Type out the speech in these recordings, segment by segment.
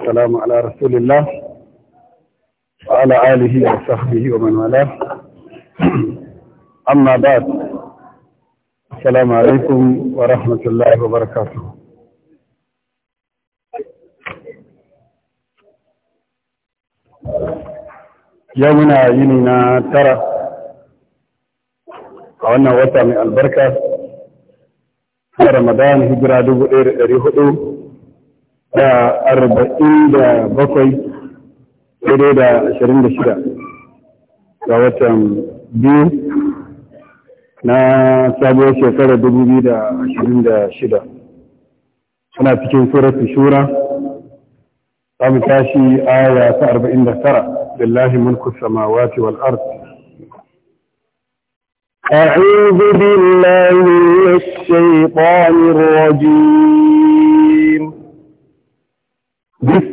السلام على رسول الله وعلى آله وصحبه ومن والاه أما بعد السلام عليكم ورحمة الله وبركاته يومنا يومنا ترى وأنا وطني البركة رمضان هجرة دوبو إير هدو da arba'in da bakwai daidai da ashirin da shida ga watan biyu na sabuwar shekarar dubu biyu da ashirin da shida suna cikin suratu shura za mu tashi aya ta arba'in da tara lillahi mulku samawati wal ard أعوذ بالله من الشيطان الرجيم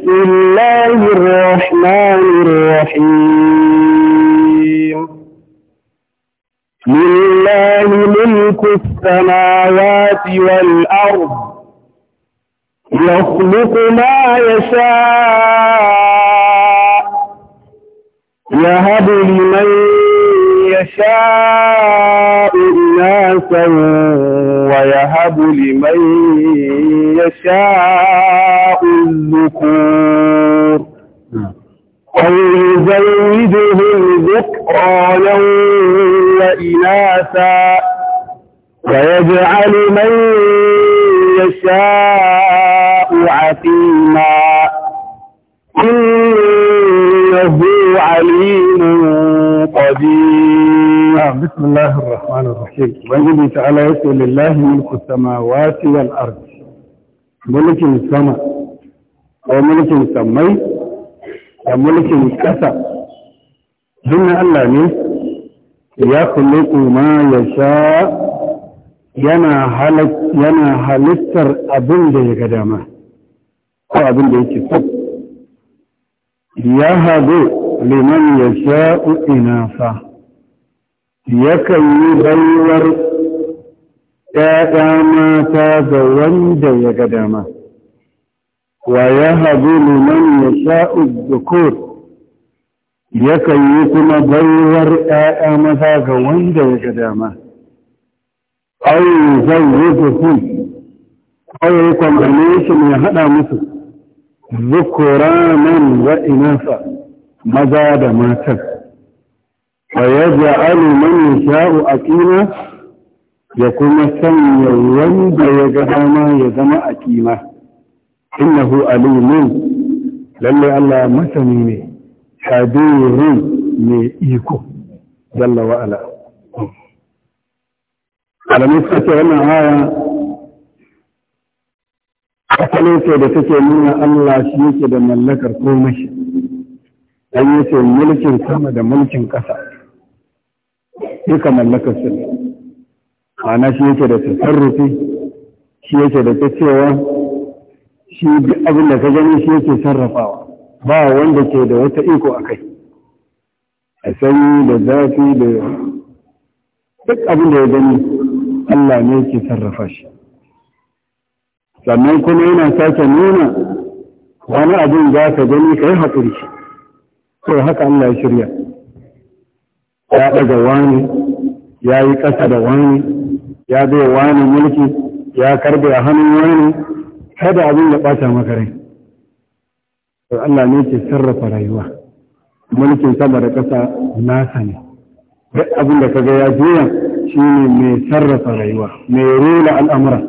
بسم الله الرحمن الرحيم لله ملك السماوات والأرض يخلق ما يشاء يهب لمن يشاء إناسا ويهب لمن يشاء الذكور أو يزودهم ذكرانا وإناثا ويجعل من يشاء عقيما إنه عليم قدير نعم، بسم الله الرحمن الرحيم وإنه تعالى يسأل الله ملك السماوات والأرض ملك السماء ko mulkin sammai da mulkin ƙasa dunna Allah ne ya kulluku ma ya sha yana halittar abin da ya ga dama ko abin da yake so ya haɗu liman ya sha fa, ya yakan yi baiwar ‘ya'ya mata ga wanda ya ga dama’ Wa ya ويهب لمن يشاء الذكور yakan yi kuma baiwar ‘ya'ya maza ga wanda ya ga dama, auyi zan yi zuku, auyi kwamfani shi mai haɗa musu, zukuranan wa'inansa maza da matan. Wa ya ja'alu man sha'u a ƙina ya kuma sanya wanda ya ga dama ya zama a ƙima. innahu alimun lalle Allah masani ne kadirun mai iko jalla wa ala alamin suka ce wannan da take nuna Allah shi yake da mallakar komai dan yace mulkin sama da mulkin ƙasa duka mallakar su ne ma'ana yake da tasarrufi shi yake da ta cewa shi duk abin da ka gani shi yake sarrafawa ba wanda ke da wata iko a kai a sanyi da zafi da duk abin da ya gani Allah ne yake sarrafa shi sannan kuma yana sake nuna wani abin za ka gani ka yi haƙuri shi haka Allah ya shirya ya ɗaga wani ya yi ƙasa da wani ya zai wani mulki ya karbe a hannun wani kada abin ya ɓata maka rai to Allah ne ke sarrafa rayuwa mulkin sama da ƙasa nasa ne duk abin da kaga ya juya shine mai sarrafa rayuwa mai rula al'amura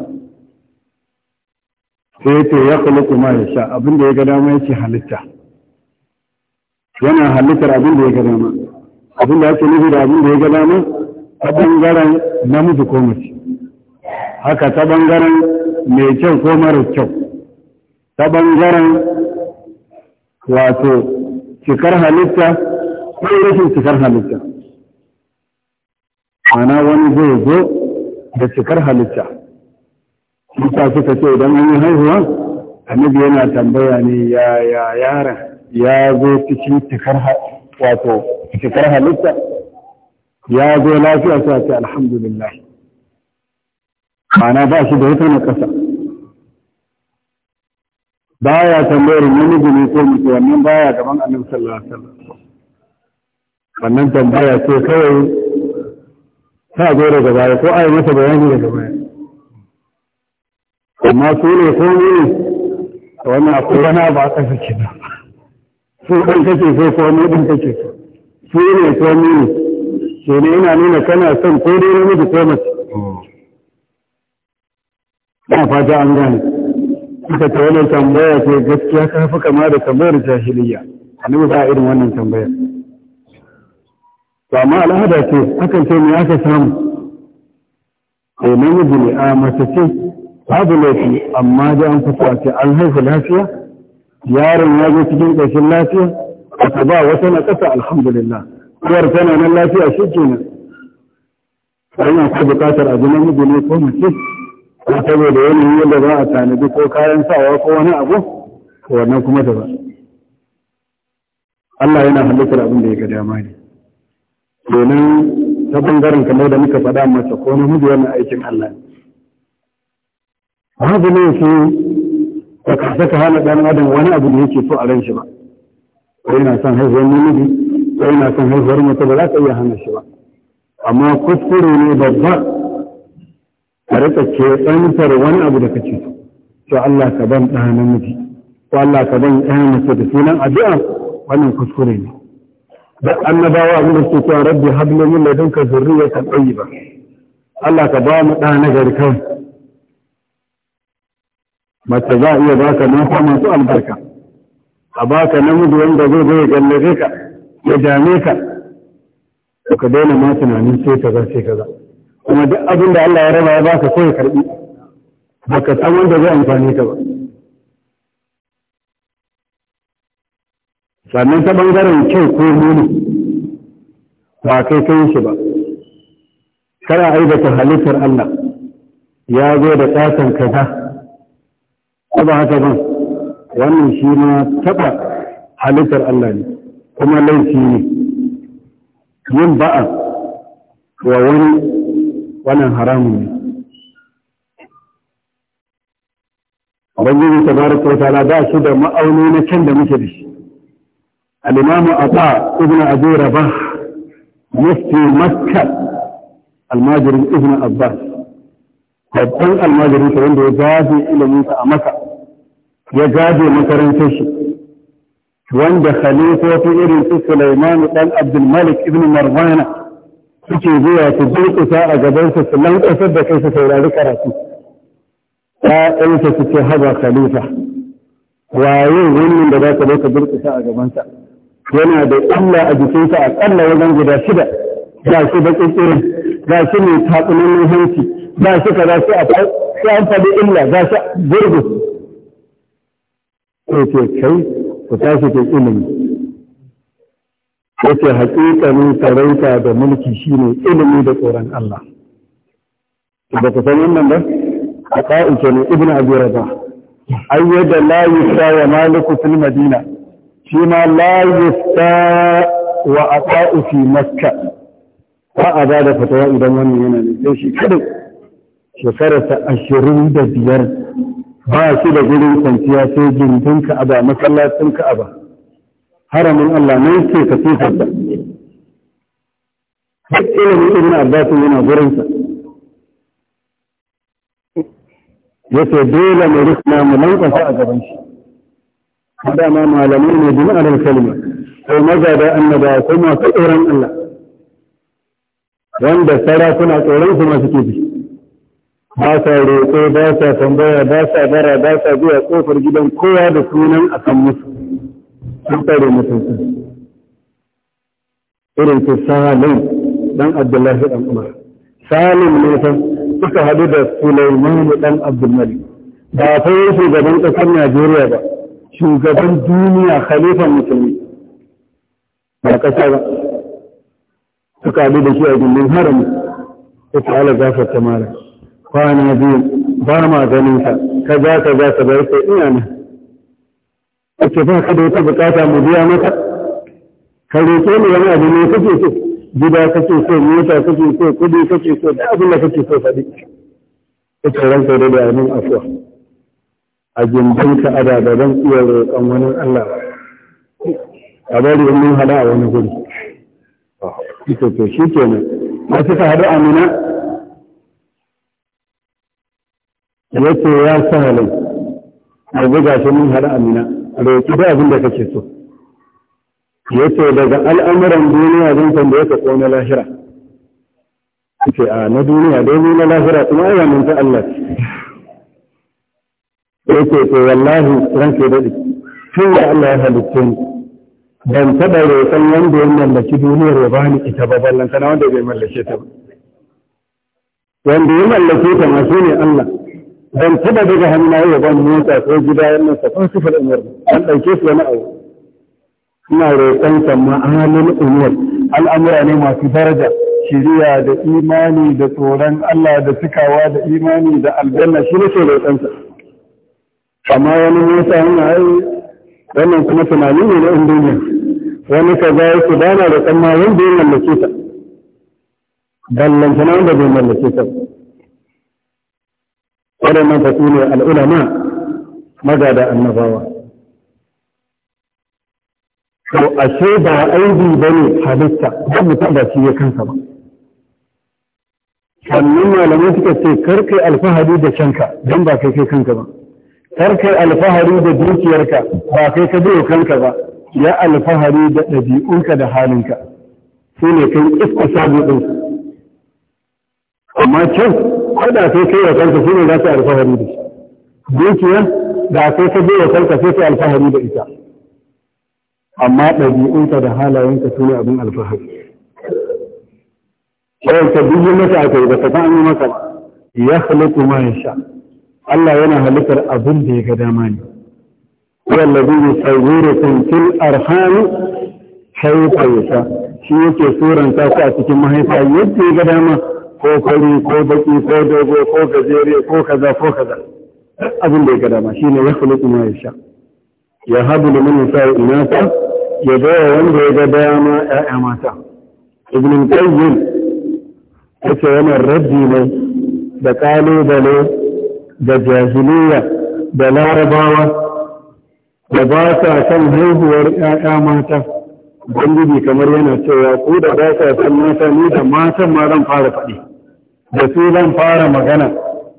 sai to ya kuma ma sha abin da ya ga dama yake halitta yana halittar abin da ya ga dama abin da yake nufi da abin da ya ga dama ta bangaren namiji ko mace haka ta bangaren mai kyau ko mara kyau ta ɓangaren wato cikar halitta ko rashin cikar halitta ana wani zai zo da cikar halitta mutane suka ce idan an yi haihuwa annabi yana tambaya ne ya ya yara ya zo cikin cikar wato cikar halitta ya zo lafiya sai ce alhamdulillah mana ba shi da wata na ƙasa baya tambayar namiji ne ko mace wannan baya gaban annabi sallallahu alaihi wasallam wannan tambaya ce kawai ta zo daga baya ko ai masa bayani daga baya amma su ne ko ne wannan akwai wani ba aka saki ba su ɗan kake so ko ne ɗan kake so su ne ko ne ke ne yana nuna kana son ko dai namiji ko mace ba hmm. fata an gane suka ta wannan tambaya ce gaskiya ta fi kama da tambayar jahiliya annabi ba irin wannan tambayar to amma al'ada ce hakan ce me aka samu ko eh, namiji ne a mace ce babu laifi amma da an fito ce an haihu lafiya yaron ya zo cikin ƙarshen lafiya aka ba wata na ƙasa alhamdulillah uwar tana nan lafiya shi kenan sannan akwai bukatar a ji namiji ne ko mace ko saboda yanayi yadda za a tanadi ko kayan sawa ko wani abu ko wannan kuma da ba Allah yana halittar abin da ya ga dama ne domin ta bangaren kamar da muka faɗa masa ko na namiji wannan aikin Allah ne wani ne su ka kasa ka hana ɗan adam wani abu da yake so a ran shi ba ko yana son haihuwar namiji ko yana son haihuwar mata ba za ka iya hana shi ba amma kuskure ne babba a rika keɓantar wani abu da so to Allah ka ban ɗa namiji ko Allah ka ban ɗa mace da sunan addu'a wannan kuskure ne da annabawa abin da suke cewa rabbi hablu min ladunka zurriyatan tayyiba Allah ka ba mu ɗa nagari kawai mace za a iya baka mata masu albarka a baka namiji wanda zai zai gallabe ka ya dame ka ka daina ma tunanin sai ka za sai ka za kuma duk abin da Allah ya raba ya baka sai ya karbi baka san wanda zai amfani ka ba sannan ta bangaren kyau ko muni ba kai kai shi ba kana aibata halittar Allah ya zo da tsatan kaza ko ba haka ba wannan shi ne taba halittar Allah ne kuma laifi ne yin ba'a wa wani wannan haramun ne ubangiji tabaraka wa ta'ala ba shi da ma'auni na can da muke da shi al-imamu ata ibn abi rabah mufti makka almajirin ibn abbas babban almajirin sa wanda ya gaje ilimin sa a maka ya gaje makarantar shi wanda khalifofin irin su Sulaiman dan Abdul Malik ibn Marwana suke zuwa su durƙusa a gabansa su lanƙasar da kai su saurari karatu ta su ce haba khalifa waye wannan da za ka zo ka durƙusa a gabansa yana da Allah a jikinsa a ƙalla wajen guda shida ga shi da ƙirƙirin ga shi mai taɓunan hanci ga shi ka za su a sai an faɗi illa ga shi gurgu. Ko ce kai ku tashi ke ilimi yace hakikanin sarauta da mulki shine ilimi da tsoron Allah da ku san wannan ba a ƙa'ice ne ibn abi rabah ayyada la yusta maliku fil madina shi ma la yusta wa aqa'u fi makka ba a ba da fatawa idan wannan yana ne sai shi kadai shekararsa ashirin da biyar ba shi da gurin kwanciya sai gindin ka'aba masallacin ka'aba haramin Allah nan ce ka sifarsa duk ilimin ibn Abbas yana gurinsa yace dole mu rikna mu lankwasa a gaban shi da ma malamai ne bin alal kalma ko maza da annaba ko masu tsoron Allah wanda sarakuna tsoron su masu kifi ba sa roƙo ba sa tambaya ba sa bara ba sa biya kofar gidan kowa da sunan a kan musu sun tsare mutuncin irin su salim dan abdullahi dan umar salim ne fa suka haɗu da sulaiman dan abdulmalik ba ta yi shugaban ƙasar najeriya ba shugaban duniya khalifan musulmi ba ƙasa ba suka haɗu da shi a gindin harami ta ta'ala ta mara kwana biyu ba ma ganin ka za ka kaza kaza kaza sai ina nan ake ba ka da wata bukata mu biya maka ka roƙe ni wani abu ne kake so gida kake so mota kake so kudi kake so da abin da kake so faɗi ita ranka da abin afuwa a ka a da ban iya roƙon wani Allah a bari wani hada a wani guri ah, ita ce shi kenan na suka hada amina ya ce ya sa halin a buga shi mun hada amina roƙi da abin da kake so ya ce daga al'amuran duniya zan san da ya ko na lahira ce a na duniya domin na lahira kuma ya manta Allah ya ce to wallahi ran ke daɗi tun da Allah ya halitta ni ban taɓa roƙon wanda ya mallaki duniyar ya bani ita ba ballantana wanda bai mallake ta ba wanda ya mallake ta ma ne Allah ban taba daga hannu ya ban mota ko gida wannan sakon sifar umar an ɗauke su wani abu ina roƙon sa ma'anin umar al'amura ne masu daraja shiriya da imani da tsoron Allah da cikawa da imani da aljanna shi ne nake roƙon sa amma wani mota yana ai wannan kuma tunani ne na duniya wani ka ga su dana da ma wanda ya mallake ta ballantana wanda bai mallake ta waɗannan fa su ne al'ulama magada annabawa to ashe ba aibi ba ne halitta ba mutum ba shi ya kansa ba sannan malamai suka ce karkai alfahari da shanka, don ba kai kai kanka ba karkai alfahari da dukiyarka ba kai ka biyo kanka ba ya alfahari da ɗabi'unka da halinka su ne kai iska sabu ɗinsu amma can kada sai kai wa kanka shine za ka alfahari da shi dukiya da sai ka je wa kanka sai ka alfahari da ita amma ɗabi'unka da halayenka su ne abin alfahari kawai ka dubi mata a kai ba ta san yi maka ya halittu ma ya sha Allah yana halittar abin da ya ga dama ne wallazi yusawwirukum fil arham kayfa yasha shi yake suranta ku a cikin mahaifa yadda ya ga dama ko fari ko baki ko dogo ko gajere ko kaza ko kaza abin da ya gada ma shine ya khuluqu ma sha. ya habu liman yasha inata. ya bawa wanda ya ga dama ƴaƴa mata ibn qayyim yace yana raddi ne da kalubale da jahiliya da larabawa da ba sa kan haihuwar ƴaƴa mata ubangiji kamar yana cewa ko da ba sa san mata ni da matan ma zan fara faɗi da su zan fara magana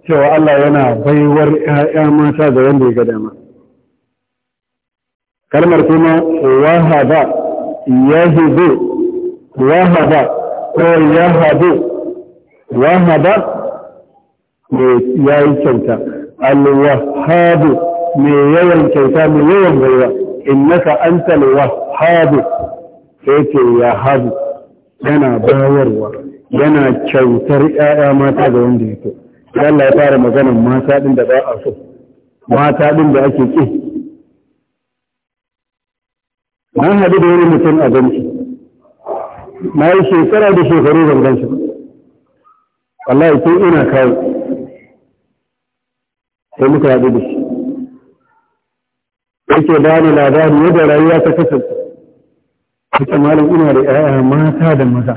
cewa Allah yana baiwar ‘ya'ya mata da wanda ya ga dama. Kalmar kuma wahaba yahidu wahaba ko yahadu wahaba mai yi kyauta alwahabu mai yawan kyauta mai yawan baiwa innaka antal wahabu sai ce yahabu yana bayarwa yana kyautar ƴaƴa mata ga wanda ya fi. Allah ya fara magana mata din da ba a so mata din da ake ƙi na haɗu da wani mutum a banki na yi shekara da shekaru ban gan Allah ya tun ina kawo sai muka haɗu da shi yake ba ni labarin yadda rayuwa ta kasance ita malam ina da ‘ya'ya mata da maza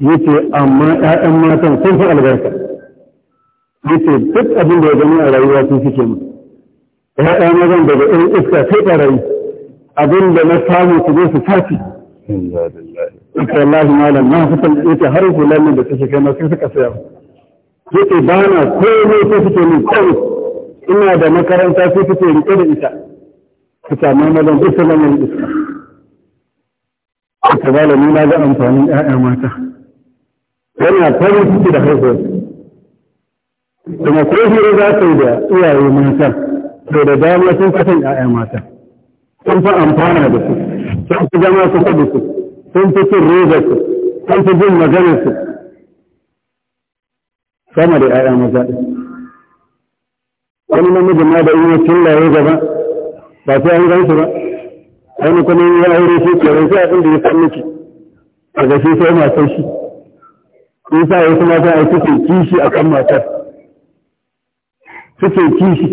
yace amma ‘ya'yan matan sun fi albarka yace duk abin da ya gani a rayuwa sun fi kenan ‘ya'ya mazan daga irin iska sai ɓarayi abin da na samu su zo su tafi ita wallahi malam na fitan yace har hulan da suke kai na sai suka saya yace ba na komai ta suke min kawai ina da makaranta sai suke rike da ita musamman bisa lamar islam aka ba da nuna ga amfanin ‘ya'ya mata yana farin ciki da haihuwa kuma ko hira za ta yi da iyaye mata to da dama sun kasan ‘ya'ya mata sun fi amfana da su sun fi zama su da su sun fi cin roba su sun fi jin magana su sama da ‘ya'ya mata wani namiji ma da iya cin gaba ba sai an gansu ba wani kuma ya aure shi ke ran sai abin da ya san miki a ga shi sai matar shi ko sa kuma za a suke kishi a kan matar suke kishi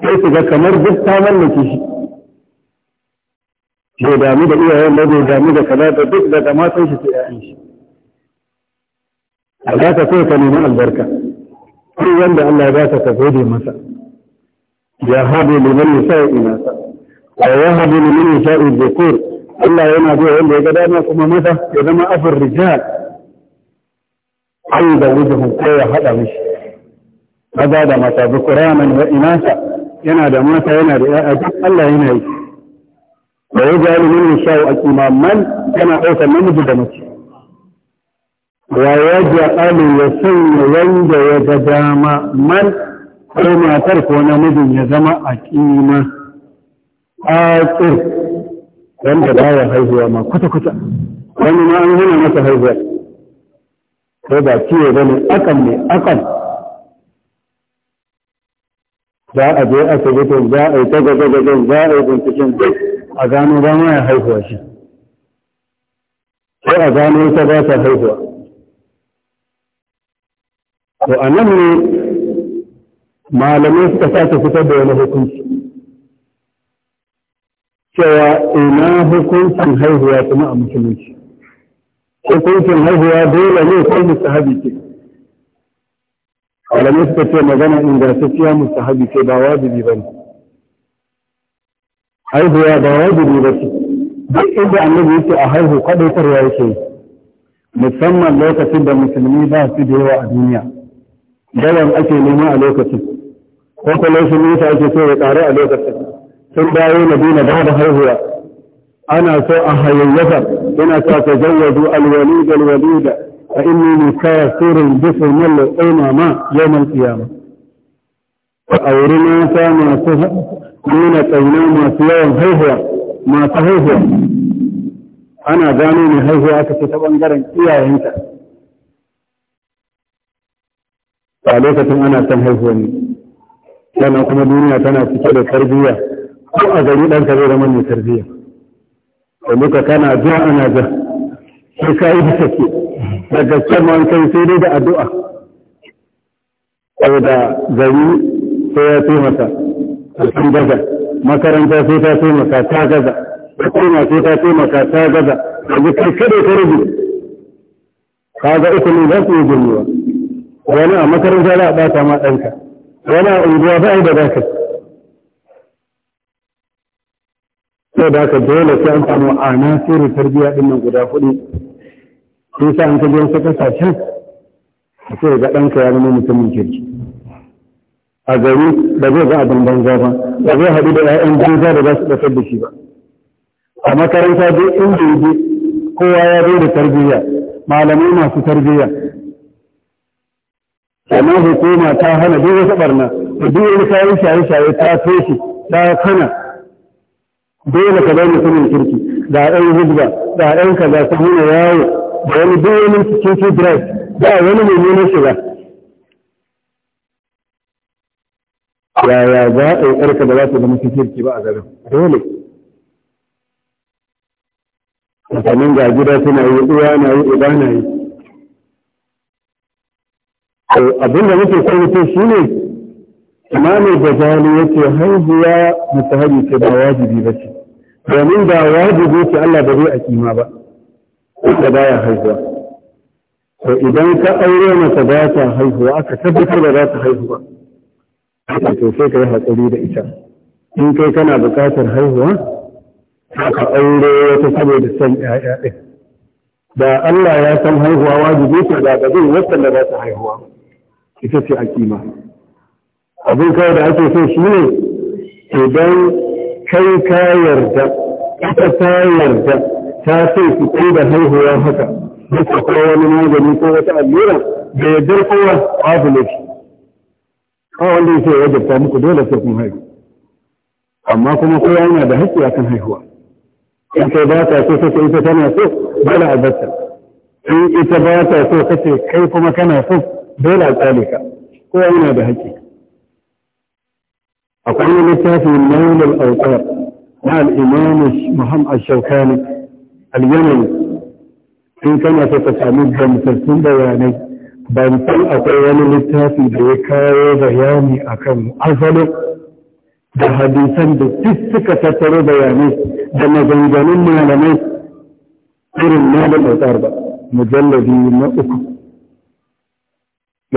sai su ga kamar duk ta mallake shi ke damu da iyayen ba bai damu da kala da duk daga matar shi sai ya'yan shi za ka sai ka nemi albarka duk wanda Allah ya ba ka ka gode masa يهب لمن يشاء إناثا ويهب لمن يشاء الذكور الله ينادي عنده قدامه كما ماذا إنما أفر الرجال عند وجهه كي هذا مش هذا هذا متى ذكرانا وإناثا ينادى ماذا ينادى الله ينادي ويجعل من يشاء الإمام من كما أوتى من بدمته ويجعل يسن ويند يتدام من ko matar ko namijin ya zama a kima akir wanda ya haihuwa ma kwata-kwata wani ma an hana masa haihuwa ko ba ciwo ba ne akan ne akan za a je asibitin za a yi ta gagagagen za a yi binciken duk a gano ba ma ya haihuwa shi ko a gano ta ba ta haihuwa to a nan ne malamai suka sake fitar da wani hukunci cewa ina hukuncin haihuwa kuma a musulunci hukuncin haihuwa dole ne ko mustahabi ce malamai suka ce magana ingantacciya mustahabi ce ba wajibi ba ne haihuwa ba wajibi ba ce duk inda annabi yake a haihu kwadaitarwa yake musamman lokacin da musulmi ba su da yawa a duniya dalan ake nema a lokacin population nisa ake so ya ƙaru a lokacin sun dawo madina ba da haihuwa ana so a hayayyafa yana sa ta da alwali alwalida fa inni mukasirun bi sunnal umama yawmal qiyamah a wurin mata masu nuna tsauna masu yawan haihuwa masu haihuwa ana gano mai haihuwa aka ce ta bangaren iyayenta a lokacin ana son haihuwa ne sannan kuma duniya tana cike da tarbiyya ko a gari ɗanka zai zama mai tarbiyya da duka kana zuwa ana ja sai ka yi da ke da gaske ma kai sai dai da addu'a saboda gari sai ya taimaka a kan gaza makaranta sai ta taimaka ta gaza da kuma sai ta taimaka ta gaza da kai kada ka rage ka ga uku ne za su yi girmewa wani a makaranta za a ɓata ma ɗanka wani a unguwa ba da za ka sai da aka dole sai an samu a nasiru tarbiyya ɗin nan guda hudu sun sa an kaje kasa kasashen a sai ga ɗanka ya zama mutumin kirki a gari da zai ga abin banza ba da zai haɗu da 'ya'yan banza da za su ɗafar da shi ba a makaranta duk inda yi kowa ya zo da tarbiyya malamai masu tarbiyya sannan hukuma ta hana duk wata barna da duk wani kayan shaye-shaye ta toshe ta hana dole ka bai mutumin kirki da ɗan hujba da ɗan kaza ta hana yawo da wani duk wani security drive ba wani mummunan shiga yaya za a yi ƙarka da za su zama kirki ba a garin dole mutanen ga gida suna yi uwa na yi uba na yi abin da muke so mutum shi ne imamu da jali yake haihuwa mutahari ce ba wajibi ba ce domin da wajibi ce Allah ba zai a kima ba da baya haihuwa to idan ka aure mata ba ta haihuwa aka tabbatar da za ta haihuwa to sai ka yi hatsari da ita in kai kana buƙatar haihuwa aka aure wata saboda son ƴaƴa ɗin da Allah ya san haihuwa wajibi ce da ba zai wasan da za ta haihuwa ba ita ce a akima abin kawai da ake so shi ne idan kai ka yarda ita ta yarda ta ce su kai da haihuwa haka duka ko wani magani ko wata allura da yardar kowa babu shi. ba wanda ya ce yake wajabta muku dole sai kun haihu amma kuma kowa yana da haƙƙi akan haihuwa in kai ba ta so kace ita tana so dole a batta in ita ba ta so kace kai kuma kana so dole a tsale ka ko yana da haƙƙi akwai wani littafi nailul autar na al'imam muhammad shaukani al-yamani in kana so ka sami gamsassun bayanai ban san akwai wani littafi da ya kawo bayani akan asalin da hadisan da duk suka tattaro bayanai da maganganun malamai irin na da ba mujallabi na uku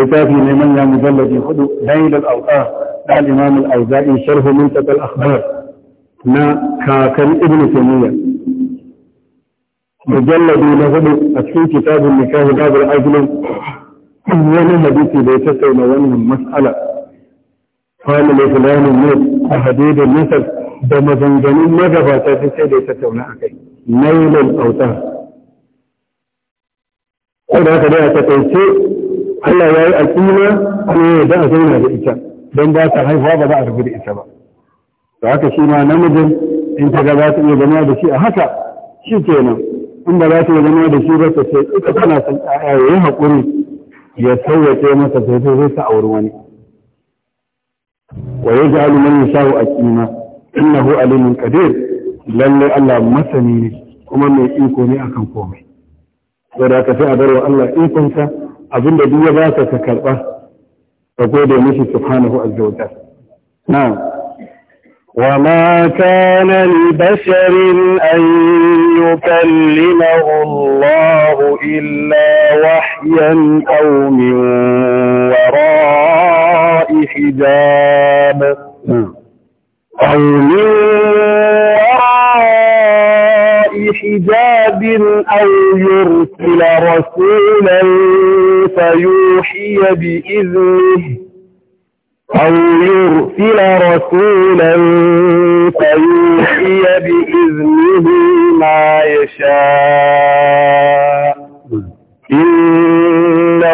لتافي نيمان مجلد يخدو ليل الأوقاف قال الإمام الأوزائي شرح منطقة الأخبار نا كاكل ابن سمية مجلد نظم أتفين كتاب النكاه باب العجل ومن حديث بيتسة ونوانهم مسألة قال لفلان الموت أحديد النسب بمزنجني ما جفاتا في سيدة تونا أكي نيل الأوتار قد أخذها تتنسي Allah ya yi al'umma kuma ya yarda a zauna da ita don ba ta haifuwa ba za a rabu da ita ba da haka shi ma namijin in ta za ta iya zama da shi a haka shi kenan in ba za ta iya zama da shi ba ta sai ita tana son ya yi haƙuri ya sauyace masa sai zai a auri wani wa ya ji aluman ya shawo a kima innahu alimin kadir lallai Allah masani ne kuma mai iko ne akan komai ko da ka sai a bar wa Allah ikonsa abin da duk ya ba ka ka karɓa ka gode mishi subhanahu azza wa jalla na'am وما كان لبشر أن يكلمه الله إلا وحيا أو من وراء حجاب أو من عذاب أو يرسل رسولا فيوحي بإذنه أو يرسل رسولا فيوحي بإذنه ما يشاء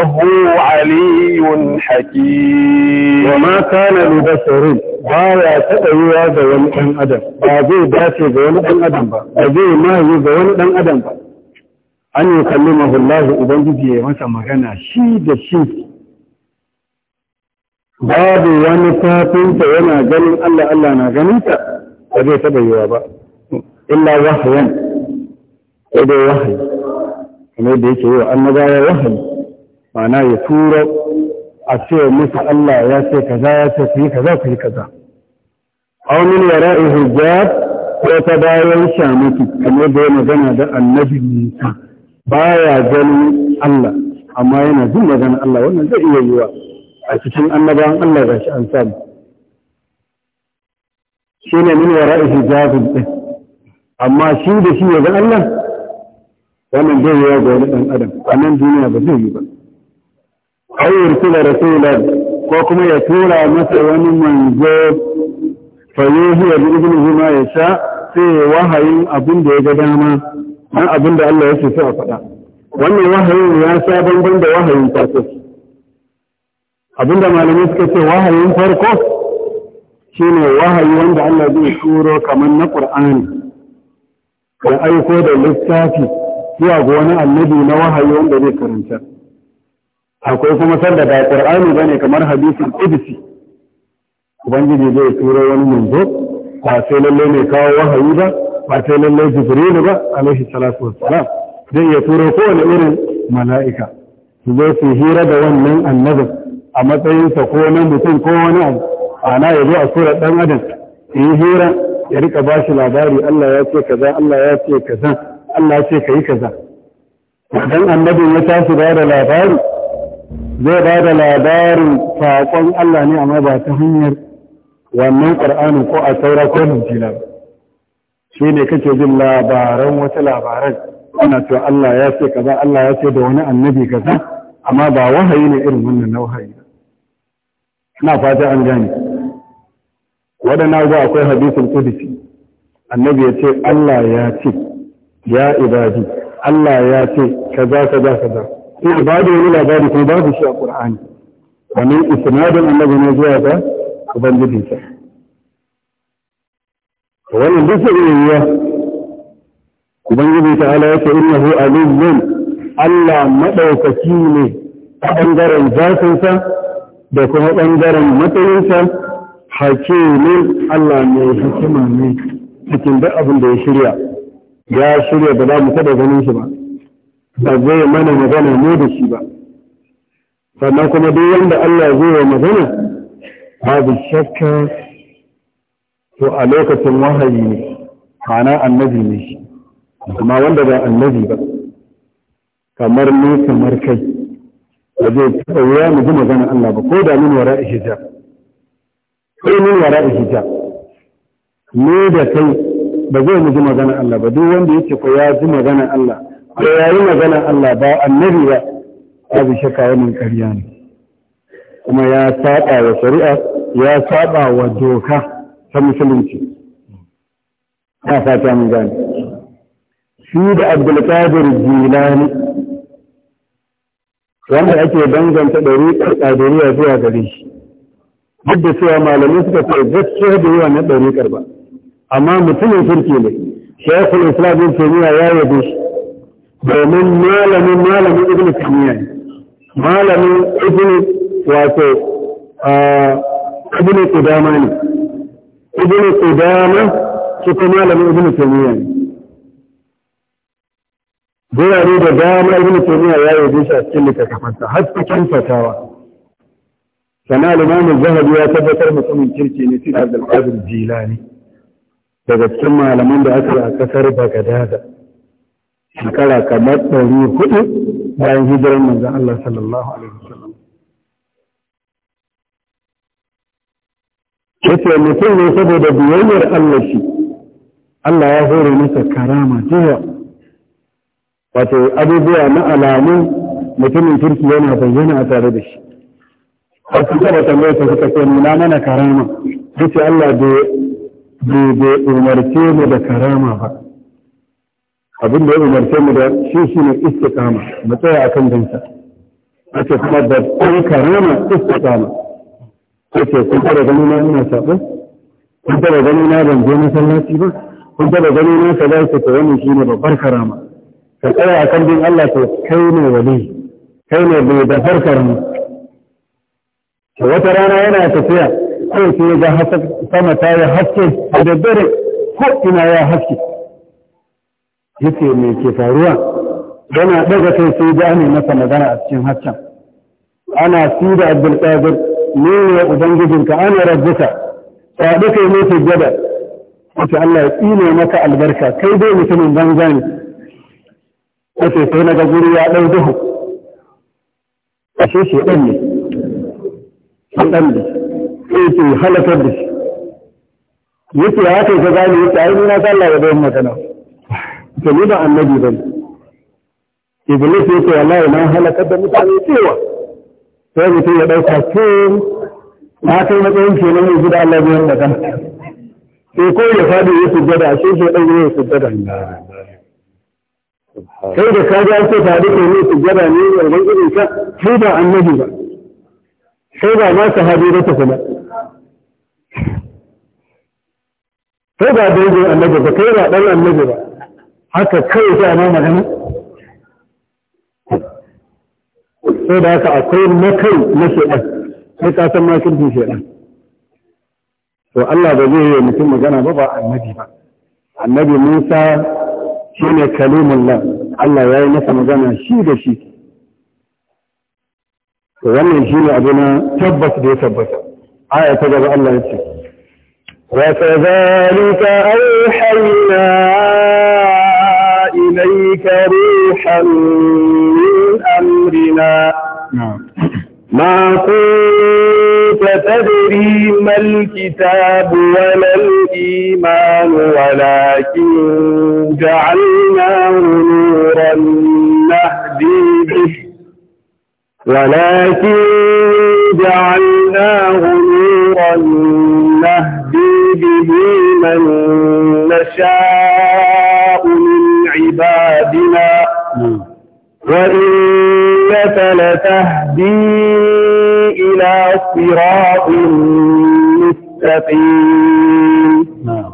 إنه علي حكيم وما كان لبشر baya taɓa yiwa ga wani ɗan adam ba zai dace ga wani ɗan adam ba ba zai mayu ga wani ɗan adam ba an yi kalli mahullahu ubangiji ya masa magana shi da shi babu wani tafinta yana ganin Allah Allah na ganinta ba zai taɓa yiwa ba illa wahayan sai dai wahayi kamar da yake yi wa annabawa wahayi mana ya tura a ce musu Allah ya ce kaza ya ce ku yi kaza ku yi kaza Aunin min wara'i hijab ko ta bayan shamaki kamar da magana da annabi Musa ya ganin Allah amma yana jin magana Allah wannan zai iya yiwa a cikin annabawan Allah ga shi an samu ne min wara'i hijab din amma shi da shi ya ga Allah wannan zai yi wa wani ɗan adam a nan duniya ba zai yi ba ayyar kula rasulan ko kuma ya tura masa wani manzo fayyuhi wa ibnihi ma ya sha sai wahayin abin da ya ga dama dan abin da Allah ya ce a faɗa wannan wahayin ya sha bamban da wahayin farko abin da malamai suka ce wahayin farko shine wahayi wanda Allah zai turo kamar na ƙur'ani. da aiko da littafi zuwa ga wani annabi na wahayi wanda zai karanta akwai kuma sanda da qur'ani bane kamar hadisin qudsi ubangiji zai tura wani manzo ba sai lalle ne kawo wahayi ba ba sai lalle jibrilu ba alaihi salatu wassalam zai ya turo kowane irin mala'ika su zo su hira da wannan annabin a matsayinsa ko na mutum ko wani abu ana ya zo a sura ɗan adam yi hira ya rika ba shi labari Allah ya ce kaza Allah ya ce kaza Allah ya ce ka kaza dan annabin ya tashi ba da labari zai ba da labarin saƙon Allah ne amma ba ta hanyar wannan ƙar'anin ko a saura ko mutila shi ne kake jin labaran wata labaran ana cewa Allah ya ce kaza Allah ya ce da wani annabi kaza amma ba wahayi ne irin wannan na wahayi ba. ina fata an gane waɗannan ga akwai hadisin qudsi annabi ya ce Allah ya ce ya ibadi Allah ya ce kaza kaza kaza sai ba wani labari kuma babu shi a Qur'ani wannan isnadin annabi ne zuwa ga ubangijinsa to wannan duk sai yiwuwa ubangiji ala yake innahu aliyyun Allah madaukaki ne a bangaren zafinsa da kuma bangaren matsayinsa ne Allah mai hikima ne cikin duk abin da ya shirya ya shirya da ba mu taɓa ganin shi ba ba zai mana magana ne da shi ba sannan kuma duk wanda Allah zai yi magana babu shakka to a lokacin wahayi ne kana annabi ne shi amma wanda ba annabi ba kamar ni kamar kai ba zai taɓa wuya mu ji magana Allah ba ko da min wara ihija ko min wara ihija ni da kai ba zai mu ji magana Allah ba duk wanda yake ko ya ji magana Allah da yayi magana Allah ba annabi ba babu shaka wannan ƙarya ne kuma ya saba wa shari'a ya saba wa doka ta musulunci ya fata mun gane shi da qadir Jilani wanda ake danganta ɗariƙar ƙadiriya zuwa gare shi duk da cewa malamai suka ce gaskiya da yawa na ɗariƙar ba amma mutumin kirki ne shekul islam bin taymiya ya yabe shi domin malamin malamin ibn tamiya ne malamin ibn wato ibn qudama ne ibn qudama shi kuma malamin ibn tamiya ne gurare da dama ibn tamiya ya yi shi a cikin littattafansa har su kan fatawa sana al-imam zahabi ya tabbatar mutumin kirki ne sai da qadir jilani daga cikin malaman da aka yi a kasar bagadaza shekara kamar ɗari hudu bayan hijirar manzon Allah sallallahu alaihi wasallam yace mutum ne saboda biyayyar Allah shi Allah ya hore masa karama jiya wato abubuwa na alamu mutumin turki yana bayyana a tare da shi Wasu cikin da tambayar ta suka ce nuna mana karama duk Allah bai umarce mu da karama ba abin da ya umarce mu da shi shi ne istiqama mu tsaya a kan gansa ake kuma da ɗan karama istiqama ake kun tara gani na ina sabo kun tara gani na ban je masallaci ba kun tara gani na ka za ka wani shi ne babbar karama ka tsaya a kan bin Allah to kai ne wali kai ne bai da karama to wata rana yana tafiya kawai sai ga sama ta yi haske a daddare ko ina ya haske yake mai ke faruwa yana daga kai sai da ne masa magana a cikin haccan ana su da abdulkadir ne ne ka? ana rabbuka faɗi duka ne su gada wace Allah ya tsine maka albarka kai dai mutumin banza ne wace sai na ga guri ya ɗau duhu ashe shi ɗan ne shi ɗan ne sai ke halakar da shi yake haka ka gane yake ai na sallah ga dayan magana to ni ba annabi bane iblis yake wallahi na halaka da mutane cewa sai mutum ya dauka to na kai matsayin kenan yanzu da Allah biyan da kan sai ko ya faɗi ya sujjada shi shi dan ya sujjada kai da ka ga sai fadi ko ne sujjada ne ya wannan irin ka kai ba annabi ba kai ba ma haɗu da ta kuma kai ba dangin annabi ba kai ba dan annabi ba haka kai sai ma magana sai da haka akwai na kai na shedan sai ka san ma kirkin shedan to Allah ba zai yi mutum magana ba ba annabi ba annabi Musa shi shine kalimullah Allah ya yi masa magana shi da shi to wannan shine abu na tabbas da ya tabbata aya ta gaba Allah ya ce وكذلك أوحينا إليك روحا من أمرنا نعم. ما كنت تدري ما الكتاب ولا الإيمان ولكن جعلناه نورا نهدي به ولكن جعلناه نورا نهدي به من نشاء لتهدي إلى صراط مستقيم نعم.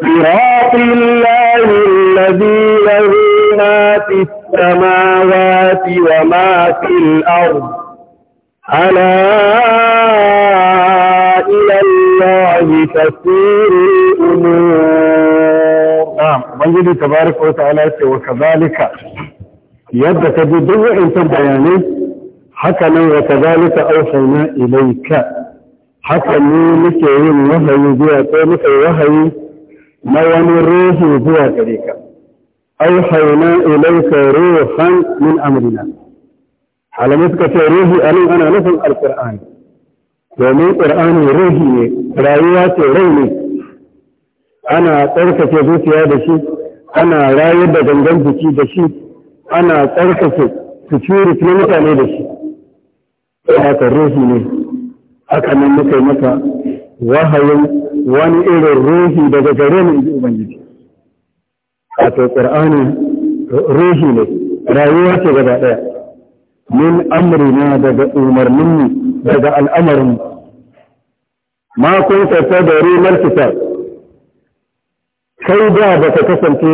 صراط الله الذي له ما في السماوات وما في الأرض ألا إلى الله تسير الأمور نعم بنجد تبارك وتعالى وكذلك يبت بدوء انت بياني حكا من وكذلك اوصلنا اليك حكا من مسيحين وهي بيك ومسي وهي ما ونروه بيك لك اوحينا اليك روحا من امرنا على مثل كتيروه انا انا نفل القرآن ومن القرآن روحي رايات روحي انا تركت يدوك هذا الشيء انا رايب دنجنجي بشي ana tsarkake security na mutane da shi haka ruhi ne haka nan muka yi masa wahayin wani irin ruhi daga gare mu inji ubangiji A wato qur'ani ruhi ne rayuwa ce gaba daya min amrina daga umarninmu daga al'amarin ma kun tsata da rimar kitab kai da baka kasance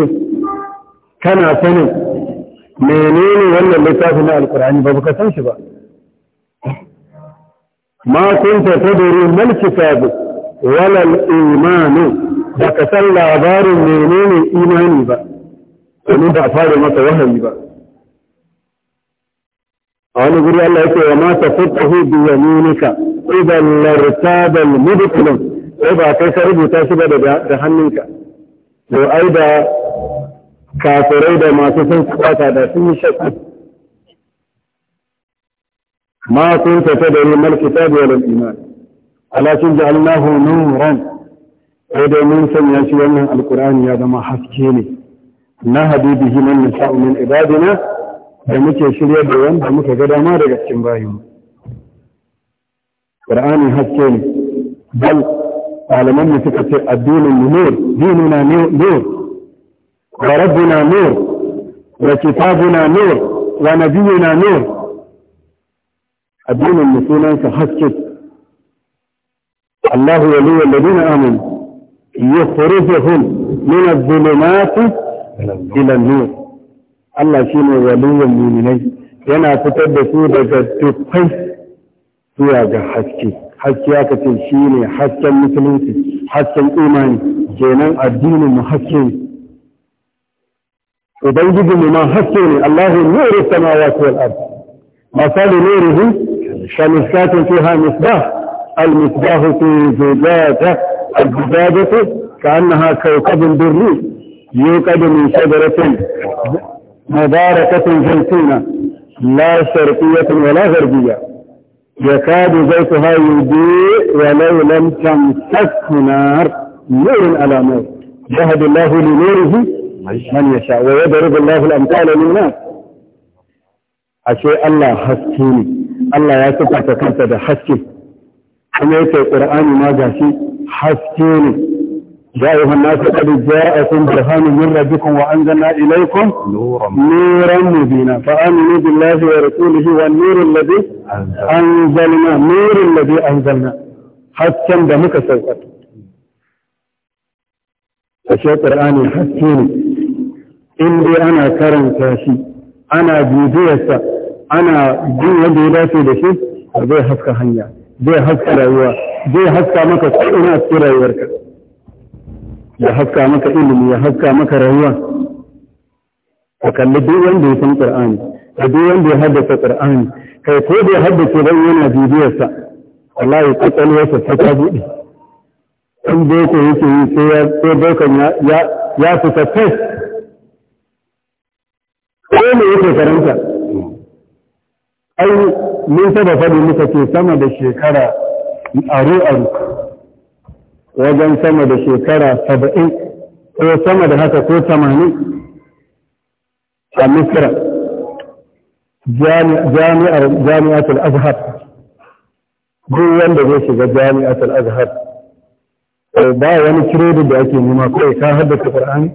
kana sanin menene wannan littafin na alkur'ani ba ka san shi ba ma kunta tadri mal kitab wala al iman ka san labarin menene imani ba wani ba fara masa wahayi ba a wani guri Allah yake wa ma tafattahu bi yaminika idan lartaba al mudkilun ba kai ka rubuta shi ba da hannunka to ai da kafirai da masu sun kwata da sun yi shakku ma kun tafi da neman kitabu wa iman alakin ja'alnahu nuran sai da mun sanya shi wannan alkur'ani ya zama haske ne na habibihi man nasha'u min ibadina da muke shirya da wanda muka ga dama daga cikin bayin qur'ani haske ne bal malaman mu suka ce addinin nur dinuna nur وربنا نور وكتابنا نور ونبينا نور addinin sunansa haske Allah ya liya ladina amin ya khurijuhum min adh-dhulumati ila an-nur Allah mu'minai yana fitar da su daga dukkan zuwa ga haske haske aka ce shine hasken musulunci hasken imani kenan addinin mu haske أبيجد مما حسني الله نور السماوات والأرض مثال نوره شمسات فيها مصباح المصباح في زجاجة الزجاجة كأنها كوكب بري يوكب من شجرة مباركة جلسينة لا شرقية ولا غربية يكاد زيتها يضيء ولو لم تمسكه نار نور على نور جهد الله لنوره من يشاء ويضرب الله الأمثال للناس أشياء الله حسكيني الله يا سبع تكنت بحسكي حميت القرآن ما جاشي حسكيني يا أيها الناس قد جاءكم برهان من ربكم وأنزلنا إليكم نورا مبينا فآمنوا بالله ورسوله والنور الذي أنزلنا نور الذي أنزلنا حسكا دمك سوقت أشياء القرآن حسكيني in dai ana karanta shi ana bibiyarsa ana jin wanda ya dace da shi zai haska hanya zai haska rayuwa zai haska maka ko'ina cikin rayuwarka ya haska maka ilimi ya haska maka rayuwa ka kalli duk wanda ya san qur'ani ka duk wanda ya haddasa qur'ani kai ko da ya haddace ban yana bibiyarsa ya kwakwalwarsa ta ta buɗe in boko yake yi sai ya sai bokan ya ya fita test ko ya yake karanta ai mun saba faɗi muka ce sama da shekara aru aru wajen sama da shekara saba'in ko sama da haka ko tamanin a misra jami'ar jami'atul azhar duk wanda zai shiga jami'atul azhar ba wani kiredin da ake nema kawai ka haddasa qur'ani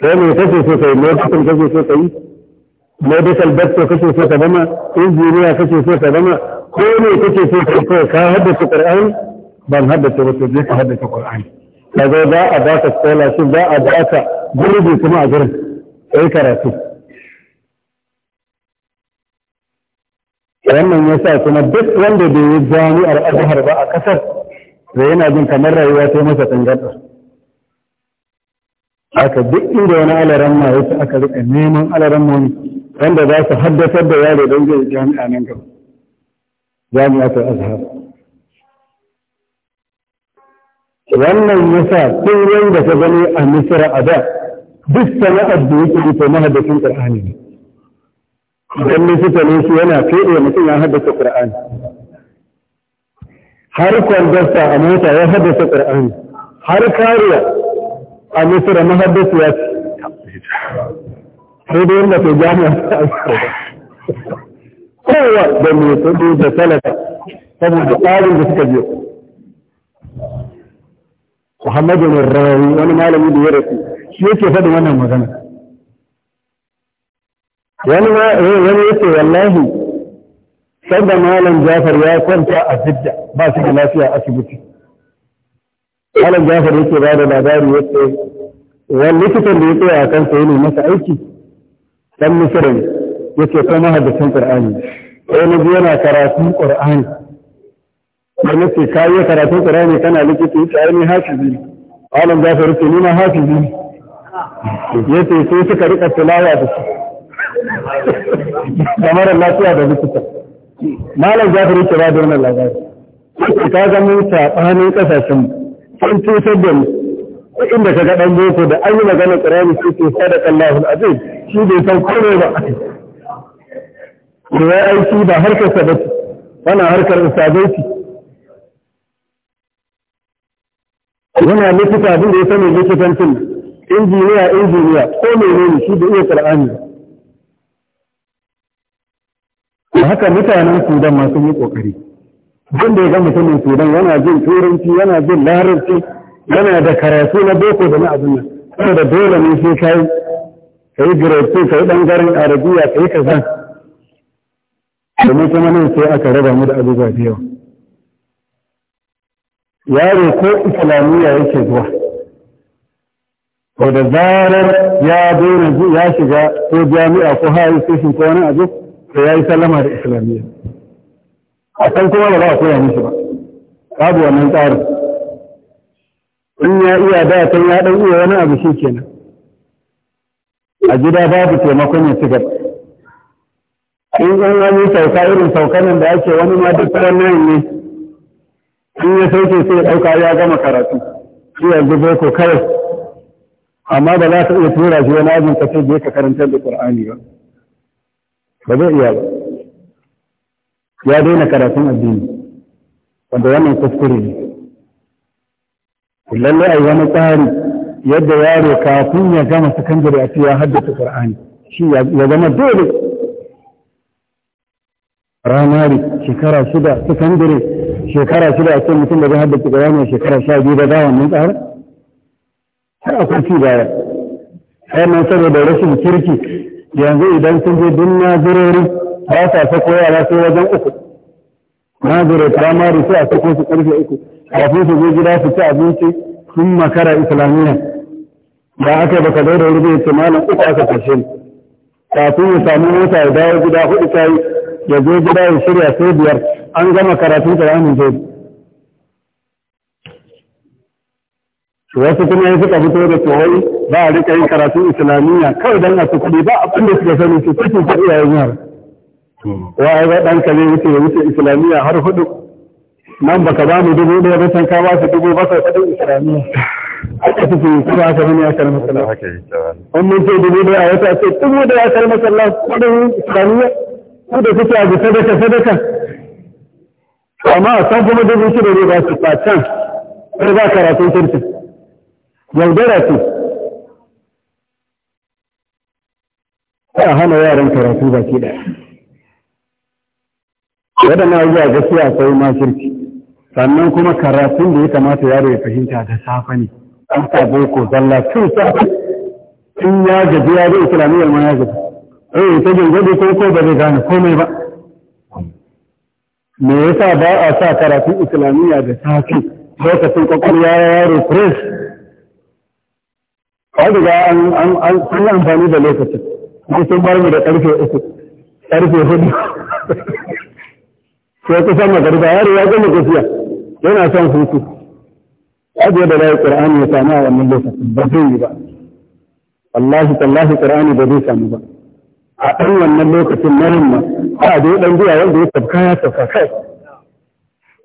sai mai kake so kai mai kasan kake so kai mai da salbatta kake so ka zama injiniya kake so ka zama ko ne kake so kai kai ka haddace qur'ani ban haddace ba to je ka haddace qur'ani kaga za a baka scholarship za a baka gurbi kuma a gurin sai karatu wannan ya sa kuma duk wanda bai yi jami'ar azhar ba a kasar da yana jin kamar rayuwa sai masa tangarɗa aka duk inda wani alaran ma yake aka rika neman alaran wani wanda za su haddatar da yaro don zai jami'a nan gaba jami'a ta azhar wannan yasa kun wanda ta gani a misra a da duk sana'ar da yake da mahaddacin qur'ani ne idan likita ne shi yana fede mutum ya haddasa qur'ani har kwandarsa a mota ya haddasa qur'ani har kariya a misira mahaddasi ya ce sai dai wanda ke jami'a kowa da mai kudu da talaka saboda tsarin da suka biyo Muhammadu rari wani malami da ya rasu shi yake faɗin wannan magana wani eh, wani yake wallahi sanda malam Jafar ya kwanta a Jidda ba shi da lafiya asibiti Alan Jafar yake ba da labari yake wani likitan da ya tsaya a kansa yana masa aiki dan misirin yake kuma mahaddisin Qur'ani sai na yana karatun Qur'ani sai nace kai karatun Qur'ani kana likita yake ai ni hafizi Alan Jafar yake ni ma hafizi yace sai suka rika tilawa da shi kamar lafiya da likita Malam Jafar yake ba da wannan labari ka ga mun sabanin kasashen mu sun cutar da mu inda ka ga boko da an yi magana qur'ani sai ke sada Allahu abin shi bai san kome ba da ya aiki ba harkar sa bace wannan harkar ustazai ce yana likita abin da ya sani likitancin injiniya injiniya ko ne shi da iya qur'ani Ba haka mutanen Sudan masu sun yi ƙoƙari duk da ya ga mutumin sudan yana jin turanci yana jin larabci yana da karatu na boko da na abin nan saboda dole ne sai kai kai girautu kai bangaren arabiya kai kaza domin kuma nan sai aka raba mu da abubuwa da yawa yaro ko islamiyya yake zuwa ko da zarar ya daina ya shiga ko jami'a ko high station ko wani abu sai ya yi sallama da islamiyya a kan kuma ba za a koya mishi ba babu wannan tsarin in ya iya da ta ya dan iya wani abu shi kenan a gida babu taimakon ya ci gaba in an wani sauka irin saukanin da ake wani ma duk nan ne in ya sauke sai ya ɗauka ya gama karatu shi yanzu boko kawai amma ba za ka iya tura shi wani abin ka sai je ka karantar da qurani ba ba zai iya ba ya daina karatun addini wanda wannan kuskure ne lallai a yi wani tsari yadda yaro kafin ya gama sakandare a cewa haddasa qur'ani shi ya zama dole ramari shekara shida sakandare shekara shida a cikin mutum da zai haddace qur'ani shekara sha biyu da za nan tsarin har akwai ci baya sai saboda rashin kirki yanzu idan sun je dunna nazirori ba sa sako yara sai wajen uku na zure firamare sai a sako su karfe uku kafin su zo gida su ci abinci sun makara islamiyya ba aka baka da da wurin ce malam uku aka tashe kafin ya samu mota ya dawo gida hudu ta yi ya zo gida ya shirya sai biyar an gama karatun da ramin zai wasu kuma ya suka fito da tsohon ba a rika yin karatun islamiyya kawai don a su kuɗi ba abin da suka sani su cikin iyayen yara wa ai ga ɗanka zai wuce da wuce islamiyya har hudu nan baka ba mu dubu ɗaya ba san ka ba su dubu bakwai kuɗin islamiyya aka tafi kuma aka bani ya kalmar Wannan ce dubu ɗaya a wata ce dubu ɗaya a kalmar sallah kuɗin islamiyya ku da kuke abu sadaka sadaka amma a san kuma dubu shida ne ba su can sai ba karatun kirkin yaudara ce a hana yaran karatu baki ɗaya waɗannan abubuwa gaskiya sai ma shirki sannan kuma karatun da ya kamata yaro ya fahimta da safe ne an sa boko zalla tun safe tun ya gaji ya zai islamiyyar ma ya gaji eh ta gangaji ko ko ba zai gane komai ba me yasa ba a sa karatun islamiyya da safe lokacin kwakwalwa ya yaro fresh ba daga an an an amfani da lokacin sun bar mu da karfe uku karfe hudu sai kusan magarba yaro ya gama gajiya yana son hutu aje da layi qur'ani ya samu a wannan lokacin ba zai yi ba wallahi tallahi qur'ani ba zai samu ba a ɗan wannan lokacin na rimma a da ya ɗan zuwa wanda ya tafka ya tafka kai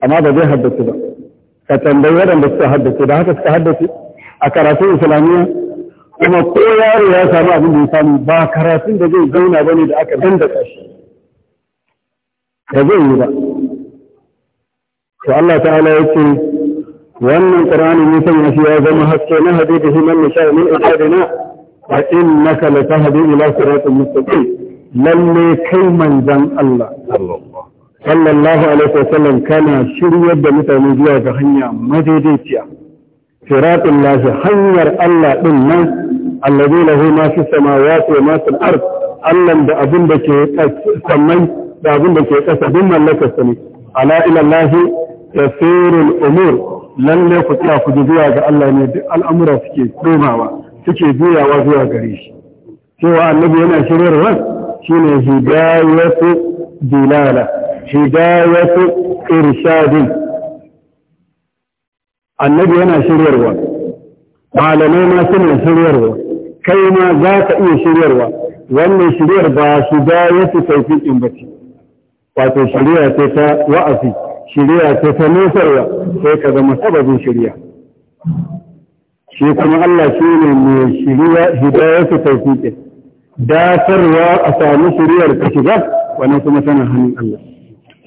amma ba zai haddace ba ka tambayi waɗanda suka haddace da haka suka haddace a karatun islamiyya kuma ko yaro ya samu abin da ya samu ba karatun da zai zauna bane da aka dandaka shi da zai yi ba to Allah ta'ala ya ce wannan qur'ani mun sanya shi ya zama haske na hadi da shi man nasha min ibadina wa innaka latahdi ila siratin mustaqim lalle kai manzon Allah sallallahu alaihi wasallam kana shiryar da mutane zuwa ga hanya madaidaiciya siratul lahi hanyar Allah din nan alladhi lahu ma fi samawati wa ma fil ard Allah da abin da ke sammai da abin da ke kasa duk mallakar sa ne ala ila lahi yasirul umur lallai ku tsaya ku zuwa ga Allah ne duk al'amura suke komawa suke juyawa zuwa gare shi cewa annabi yana shirin ran shine hidayatu dilala hidayatu irshadin annabi yana shiryarwa malamai ma suna shiryarwa kai ma za ka iya shiryarwa wannan shiryar ba su da ya fi taufiƙin ba ce wato shari'a ce ta wa'azi shirya ce ta nufarwa sai ka zama sababin shirya shi kuma Allah shi ne mai shirya hidayar su tausiƙe datarwa a sami shiryar ka shiga wani kuma tana hannun Allah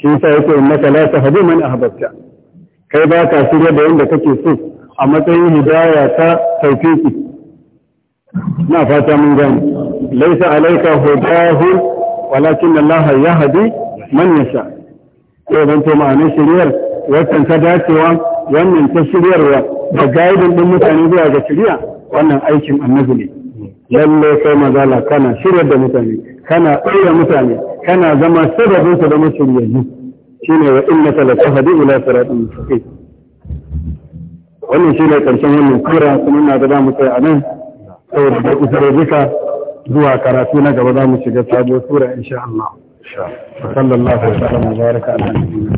shi yasa yake in maka la mani a habarta? kai ba ka shirya da yanda kake so a matsayin hidaya ta tausiƙe na fata mun gani laisa alaika hudahu walakin Allah hadi man yasha ko zan to ma'anin shiriyar wannan ta dacewa wannan ta shiryarwa da gaidin din mutane zuwa ga shiriya wannan aikin annabi ne lalle kai mazala kana shiryar da mutane kana ɗaya mutane kana zama sababin su da shi ne wa innaka latahdi ila siratin mustaqim wannan shi ne karshen wannan kura kuma ina ga mu tsaya nan. saboda da kusa zuwa karatu na gaba za mu shiga sabuwar sura insha sallallahu alaihi wa mubaraka baraka ala nabiyina